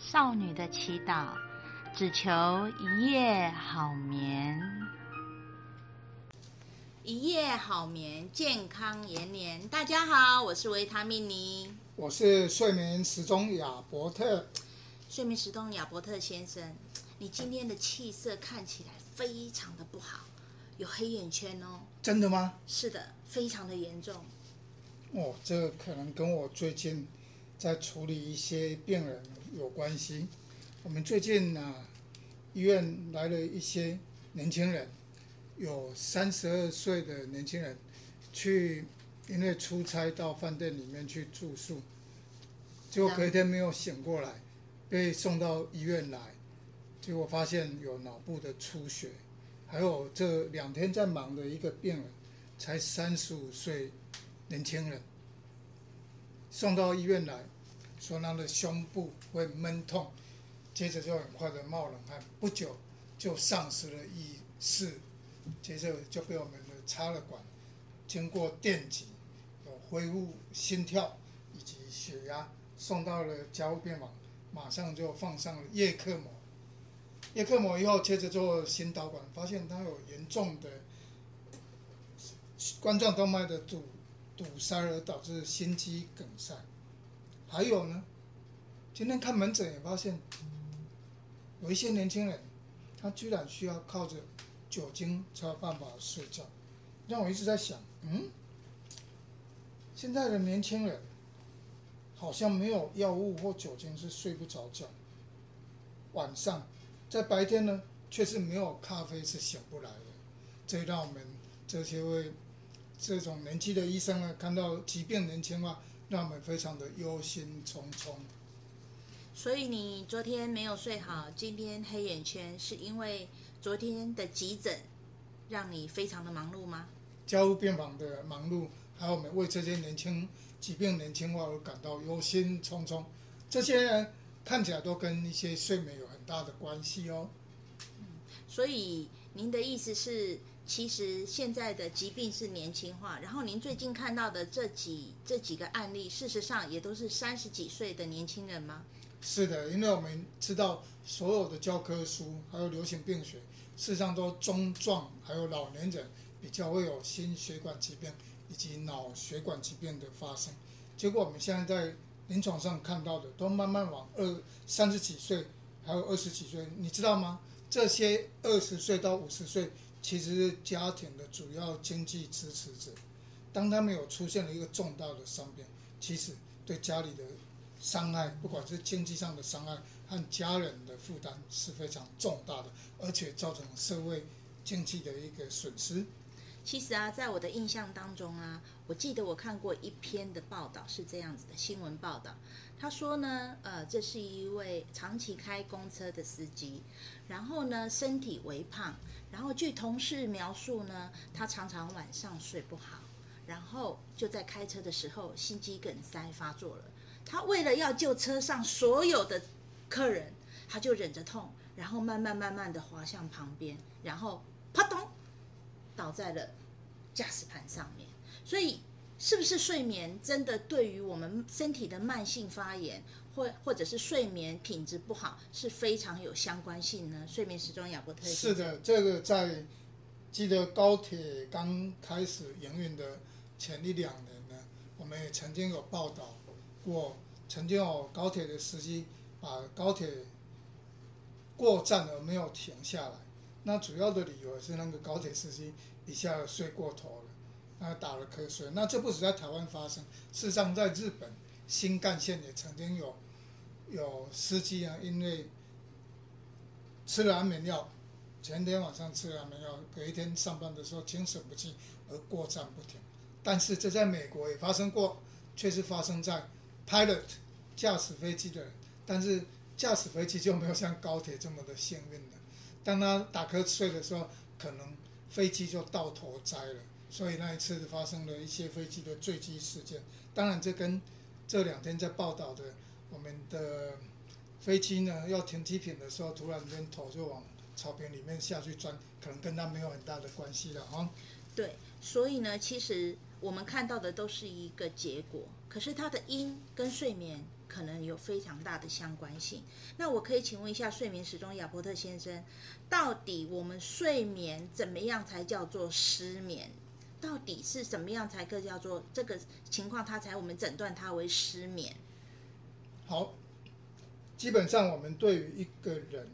少女的祈禱，只求一夜好眠，一夜好眠，健康延年。大家好，我是維他命妮，我是睡眠時鐘亞伯特。睡眠時鐘亞伯特先生，你今天的氣色看起來非常的不好，有黑眼圈哦。真的嗎？是的，非常的嚴重。哦，這個可能跟我最近在處理一些病人有關係。我們最近呢、啊，醫院來了一些年輕人，有三十二歲的年輕人，去因為出差到飯店裡面去住宿，結果隔一天沒有醒過來，被送到醫院來，結果發現有腦部的出血。還有這兩天在忙的一個病人，才三十五歲，年輕人。送到醫院來說，他的胸部會悶痛，接着就很快的冒冷汗，不久就喪失了意識，接着就被我們了插了管，經過電擊有恢復心跳以及血壓，送到了加護病房，馬上就放上了葉克膜，葉克膜以後接着做心導管，發現他有嚴重的冠狀動脈的阻。堵塞而導致心肌梗塞，還有呢？今天看門診也發現，有一些年輕人，他居然需要靠着酒精才有辦法睡覺。讓我一直在想，嗯，現在的年輕人好像沒有藥物或酒精是睡不着覺，晚上在白天呢，卻是沒有咖啡是醒不來的。這讓我們這些位。這種年紀的醫生呢，看到疾病年輕化，讓我們非常的憂心忡忡。所以你昨天沒有睡好，今天黑眼圈是因為昨天的急診讓你非常的忙碌嗎？加護病房的忙碌，還有我們為這些年輕疾病年輕化而感到憂心忡忡。這些看起來都跟一些睡眠有很大的關係哦。所以您的意思是？其實現在的疾病是年輕化，然後您最近看到的這幾這幾個案例，事實上也都是三十幾歲的年輕人嗎？是的，因為我們知道所有的教科書還有流行病學，事實上都中壯還有老年人比較會有心血管疾病以及腦血管疾病的發生。結果我們現在在臨床上看到的，都慢慢往二三十幾歲，還有二十幾歲，你知道嗎？這些二十歲到五十歲。其實家庭的主要經濟支持者，當他們有出現了一個重大的傷病，其實對家裡的傷害，不管是經濟上的傷害和家人的負擔是非常重大的，而且造成社會經濟的一個損失。其實啊，在我的印象當中啊，我記得我看過一篇的報道是這樣子的新聞報道。他說呢，呃，這是一位長期開公車的司機，然後呢，身體微胖，然後據同事描述呢，他常常晚上睡不好，然後就在開車的時候心肌梗塞發作了。他為了要救車上所有的客人，他就忍着痛，然後慢慢慢慢地滑向旁邊，然後啪咚。倒在了駕駛盤上面，所以是不是睡眠真的對於我們身體的慢性發炎，或或者是睡眠品質不好是非常有相關性呢？睡眠時鐘亞伯特。是的，這個在記得高鐵剛開始營運的前一兩年呢，我們也曾經有報道過，曾經有高鐵的司機把高鐵過站而沒有停下來。那主要的理由是那個高鐵司機一下睡過頭了，然後打了瞌睡。那這不只在台灣發生，事實上在日本新幹線也曾經有，有司機啊，因為吃了安眠藥，前天晚上吃了安眠藥，隔一天上班的時候精神不濟而過站不停。但是這在美國也發生過，卻是發生在 pilot 駕駛飛機的人，但是駕駛飛機就沒有像高鐵這麼的幸運了。當他打瞌睡的時候，可能飛機就倒頭栽了。所以那一次發生了一些飛機的墜機事件。當然，這跟這兩天在報道的我們的飛機呢要停機坪的時候，突然間頭就往草坪裡面下去轉，可能跟他沒有很大的關係了哈，嗯、對，所以呢，其實我們看到的都是一個結果，可是它的因跟睡眠。可能有非常大的相關性。那我可以請問一下睡眠時鐘亞伯特先生，到底我們睡眠怎麼樣才叫做失眠？到底是什麼樣才可叫做這個情況？他才我們診斷他為失眠。好，基本上我們對於一個人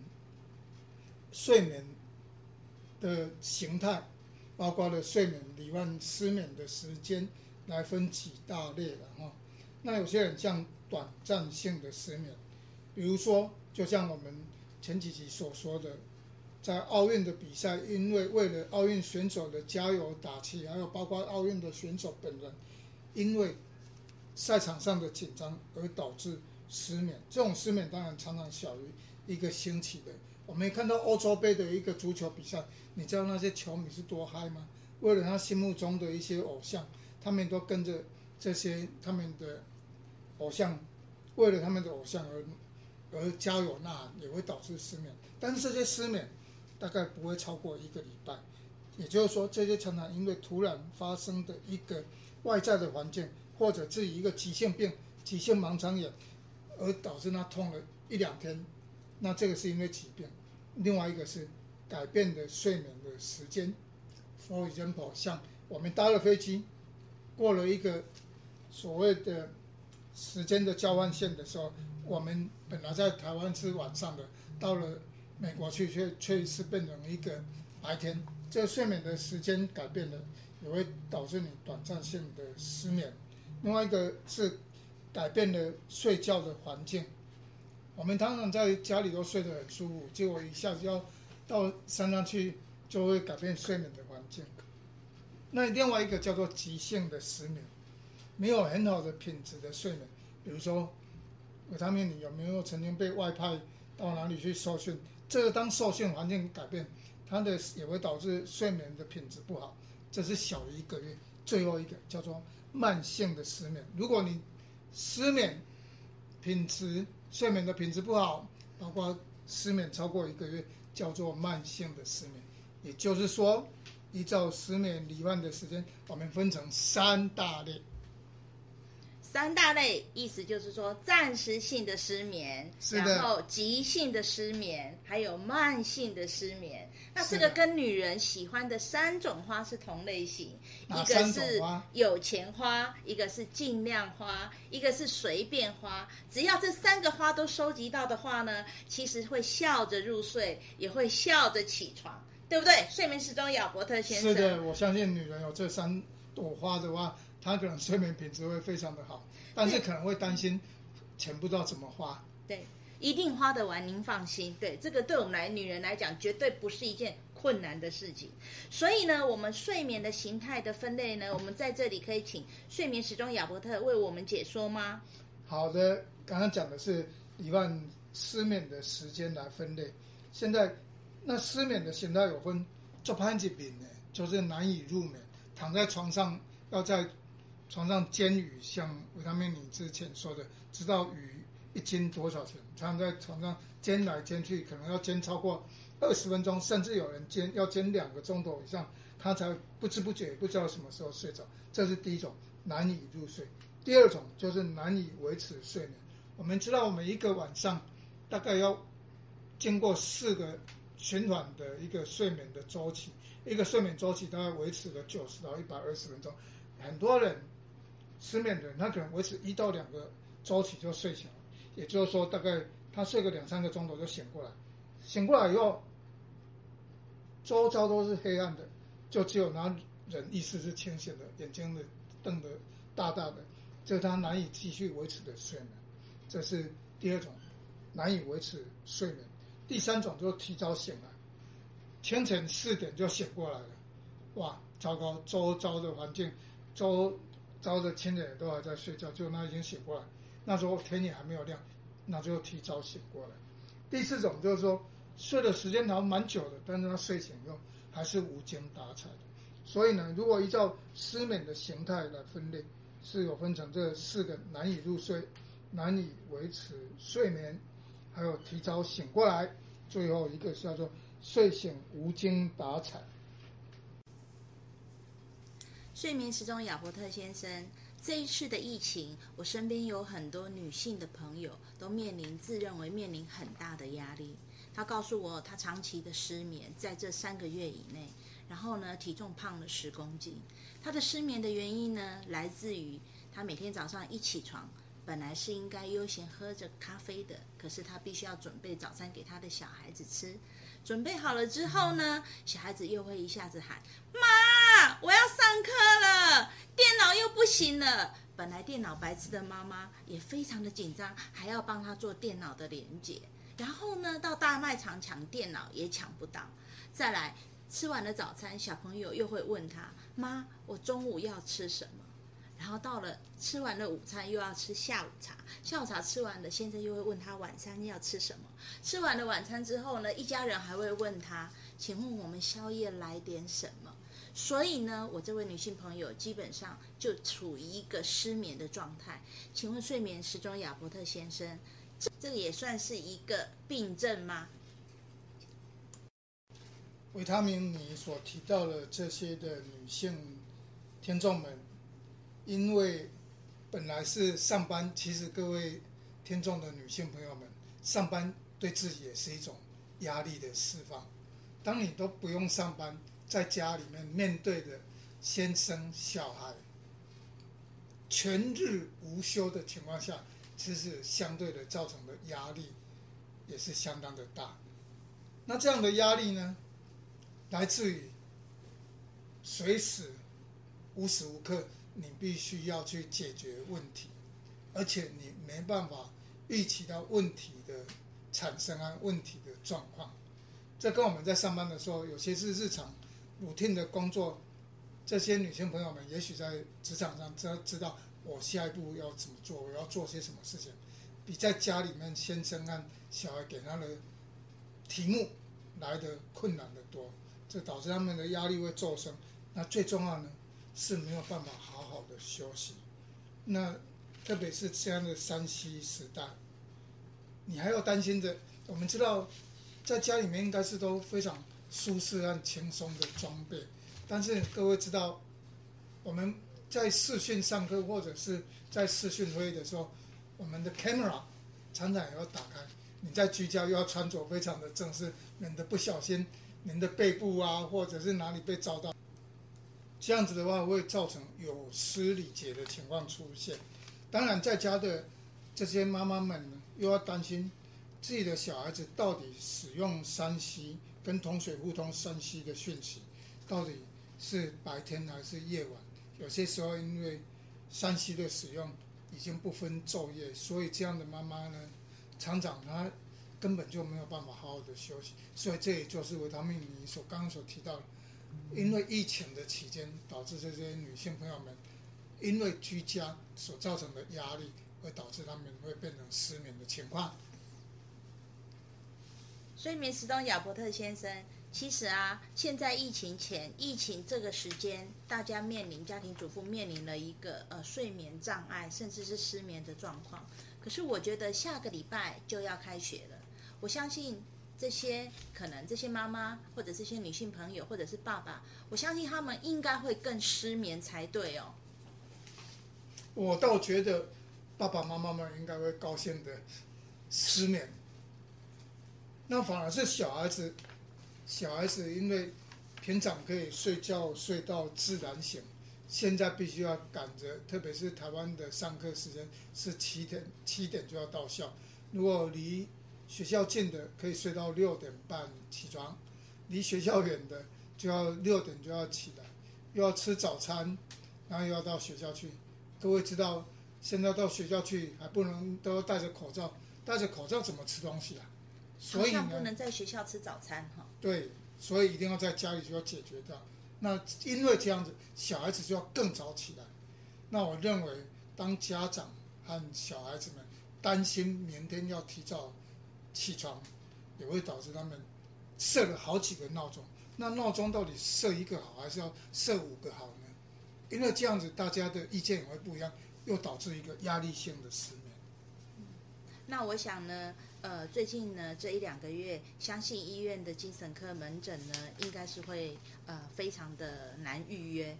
睡眠的形態，包括了睡眠裡邊失眠的時間，來分幾大類的哈。那有些人像。短暫性的失眠，比如說，就像我們前幾集所說的，在奧運的比賽，因為為了奧運選手的加油打氣，還有包括奧運的選手本人，因為賽場上的緊張而導致失眠。這種失眠當然常常小於一個星期的。我們也看到歐洲杯的一個足球比賽，你知道那些球迷是多嗨嗎？為了他心目中的一些偶像，他們都跟着這些他們的。偶像為了他們的偶像而而加油吶喊也會導致失眠。但是這些失眠大概不會超過一個禮拜，也就是說，這些常常因為突然發生的一個外在的環境，或者是一個急性病、急性盲腸炎，而導致他痛了一兩天。那這個是因為疾病；另外一個是改變的睡眠的時間。For example，像我們搭了飛機，過了一個所謂的。時間的交換線的時候，我們本來在台灣是晚上的，到了美國去卻卻是變成一個白天。這個睡眠的時間改變了，也會導致你短暫性的失眠。另外一個是改變了睡覺的環境，我們通常在家裡都睡得很舒服，結果一下子要到山上去，就會改變睡眠的環境。那另外一個叫做急性的失眠。沒有很好的品質的睡眠，比如說，我他面你有沒有曾經被外派到哪裡去受訓？這個當受訓環境改變，它的也會導致睡眠的品質不好。這是小於一個月，最後一個叫做慢性的失眠。如果你失眠品質睡眠的品質不好，包括失眠超過一個月，叫做慢性的失眠。也就是說，依照失眠罹患的時間，我們分成三大類。三大類，意思就是說，暫時性的失眠，是的，然後急性的失眠，還有慢性的失眠。是的，那這個跟女人喜歡的三種花是同類型，一個是有錢花，一個是盡量花，一個是隨便花。只要這三個花都收集到的話呢，其實會笑着入睡，也會笑着起床，對不對？睡眠時鐘有，亞伯特先生。是的，我相信女人有這三朵花的話。他可能睡眠品質會非常的好，但是可能會擔心錢不知道怎麼花。嗯。對，一定花得完，您放心。對，這個對我們來，女人來講，絕對不是一件困難的事情。所以呢，我們睡眠的形態的分類呢，我們在這裡可以請睡眠時鐘亞伯特為我們解說嗎？好的，剛剛講的是一萬失眠的時間來分類。現在那失眠的形態有分，做潘子病呢，就是難以入眠，躺在床上要在。床上煎魚，像維他命林之前說的，知道魚一斤多少錢？常在床上煎來煎去，可能要煎超過二十分鐘，甚至有人煎要煎兩個鐘頭以上，他才不知不覺也不知道什麼時候睡着。這是第一種難以入睡。第二種就是難以維持睡眠。我們知道我們一個晚上大概要經過四個循環的一個睡眠的周期，一個睡眠周期大概維持了九十到一百二十分鐘，很多人。失眠的人，他可能維持一到兩個周期就睡醒了，也就是說，大概他睡個兩三個鐘頭就醒過來。醒過來以後，周遭都是黑暗的，就只有那人意識是清醒的，眼睛瞪得大大的，就他難以繼續維持的睡眠。這是第二種難以維持睡眠。第三種就是提早醒來，清晨四點就醒過來了，哇，糟糕，周遭的環境，周。燒的親也都還在睡覺，就那已經醒過來。那時候天也還沒有亮，那就提早醒過來。第四種就是說睡的時間長蠻久的，但是他睡醒後還是無精打采。所以呢，如果依照失眠的形態來分類，是有分成這四個：難以入睡、難以維持睡眠、還有提早醒過來，最後一個叫做睡醒無精打采。睡眠時鐘，雅伯特先生，這一次的疫情，我身邊有很多女性的朋友都面臨自認為面臨很大的壓力。她告訴我，她長期的失眠，在這三個月以內，然後呢，體重胖了十公斤。她的失眠的原因呢，來自於她每天早上一起床，本來是應該悠閒喝着咖啡的，可是她必須要準備早餐給她的小孩子吃。準備好了之後呢，小孩子又會一下子喊媽。我要上課了，電腦又不行了。本來電腦白痴的媽媽也非常的緊張，還要幫他做電腦的連接。然後呢，到大賣場搶電腦也搶不到。再來吃完了早餐，小朋友又會問他媽：“我中午要吃什麼？”然後到了吃完了午餐，又要吃下午茶。下午茶吃完了，現在又會問他晚餐要吃什麼？吃完了晚餐之後呢，一家人還會問他：“請問我們宵夜來點什麼？”所以呢，我這位女性朋友基本上就處於一個失眠的狀態。請問睡眠時鐘亞伯特先生，這這也算是一個病症嗎？維他命，你所提到的這些的女性聽眾們，因為本來是上班，其實各位聽眾的女性朋友們，上班對自己也是一種壓力的釋放。當你都不用上班。在家裡面面對的先生、小孩，全日無休的情況下，其實相對的造成的壓力也是相當的大。那這樣的壓力呢，來自於隨時、無時無刻你必須要去解決問題，而且你沒辦法預期到問題的產生啊，問題的狀況。這跟我們在上班的時候，有些是日常。母親的工作，這些女性朋友們也許在職場上，她知道我下一步要怎麼做，我要做些什麼事情，比在家裡面先生和小孩給他的題目來的困難得多，這導致他們的壓力會驟升。那最重要呢是沒有辦法好好的休息。那特別是這樣的三 C 時代，你還要擔心的。我們知道，在家裡面應該是都非常。舒適和輕鬆的裝備，但是各位知道，我們在視訊上課或者是在視訊會議的時候，我們的 camera 常常也要打開。你在居家又要穿着非常的正式，人的不小心人的背部啊，或者是哪裡被照到，這樣子的話會造成有失禮節的情況出現。當然，在家的這些媽媽們呢又要擔心自己的小孩子到底使用三 C，跟同學互通山西的訊息，到底是白天還是夜晚？有些時候，因為山西的使用已經不分晝夜，所以這樣的媽媽呢，廠長她根本就沒有辦法好好的休息。所以這也就是維他命你所剛剛所提到，因為疫情的期間導致這些女性朋友們因為居家所造成的壓力，而導致她們會變成失眠的情況。睡眠時鐘，亞伯特先生，其實啊，現在疫情前，疫情這個時間，大家面臨家庭主婦面臨了一個呃睡眠障礙，甚至是失眠的狀況。可是我覺得下個禮拜就要開學了，我相信這些可能這些媽媽或者這些女性朋友或者是爸爸，我相信他們應該會更失眠才對哦。我倒覺得爸爸媽媽們應該會高興地失眠。那反而是小孩子，小孩子因為平常可以睡覺睡到自然醒，現在必須要趕着，特別是台灣的上課時間是七點，七點就要到校。如果離學校近的可以睡到六點半起床，離學校遠的就要六點就要起來，又要吃早餐，然後又要到學校去。各位知道，現在到學校去還不能都要戴着口罩，戴着口罩怎麼吃東西啊？所以呢，不能在學校吃早餐哈。對，所以一定要在家裡就要解決掉。那因為這樣子，小孩子就要更早起來。那我認為，當家長和小孩子們擔心明天要提早起床，也會導致他們設了好幾個鬧鐘。那鬧鐘到底設一個好，還是要設五個好呢？因為這樣子，大家的意見也會不一樣，又導致一個壓力性的失眠。那我想呢。呃，最近呢，這一兩個月，相信醫院的精神科門診呢，應該是會呃非常的難預約。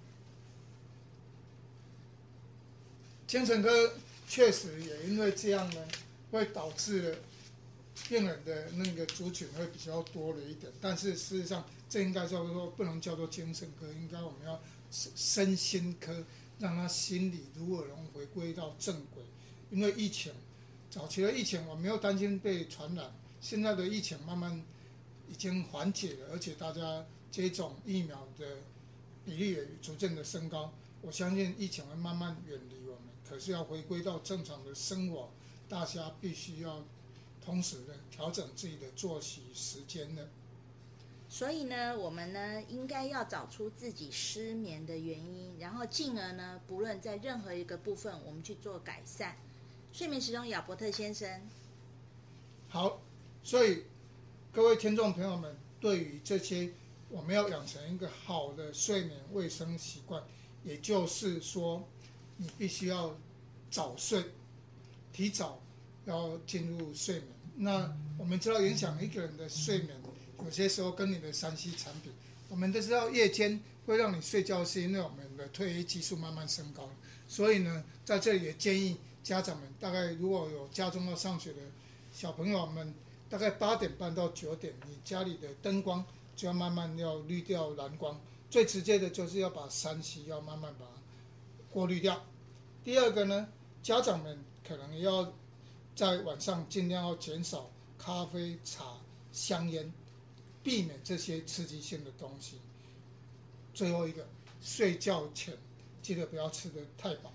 精神科確實也因為這樣呢，會導致病人的那個族群會比較多了一點。但是事實上，這應該叫做，不能叫做精神科，應該我們要身身心科，讓他心理如果能回歸到正軌，因為疫情。早期的疫情，我沒有擔心被傳染。現在的疫情慢慢已經緩解了，而且大家接種疫苗的比例也逐漸的升高。我相信疫情會慢慢遠離我們。可是要回歸到正常的生活，大家必須要同時的調整自己的作息時間的。所以呢，我們呢應該要找出自己失眠的原因，然後進而呢，不論在任何一個部分，我們去做改善。睡眠時鐘，亞伯特先生。好，所以各位聽眾朋友們，對於這些我們要養成一個好的睡眠衛生習慣，也就是說，你必須要早睡，提早要進入睡眠。那我們知道，影響一個人的睡眠有些時候跟你的 3C 產品，我們都知道，夜間會讓你睡覺，是因為我們的褪黑激素慢慢升高。所以呢，在這裡也建議。家長們大概如果有家中要上學的小朋友們，大概八點半到九點，你家裡的燈光就要慢慢要濾掉藍光。最直接的就是要把 3C 要慢慢把它過濾掉。第二個呢，家長們可能要在晚上儘量要減少咖啡、茶、香菸，避免這些刺激性的東西。最後一個，睡覺前記得不要吃得太飽。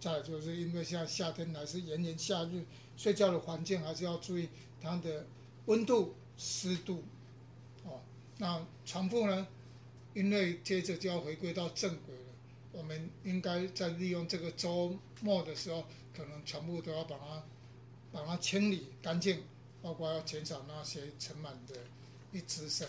再就是因為現在夏天還是炎炎夏日，睡覺的環境還是要注意它的溫度、濕度，哦，那床鋪呢？因為接着就要回歸到正軌了，我們應該在利用這個周末的時候，可能全部都要把它把它清理乾淨，包括要減少那些塵蟎的一滋生。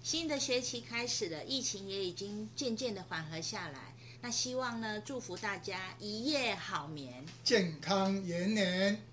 新的學期開始了，疫情也已經漸漸的緩和下來。那希望呢，祝福大家一夜好眠，健康延年。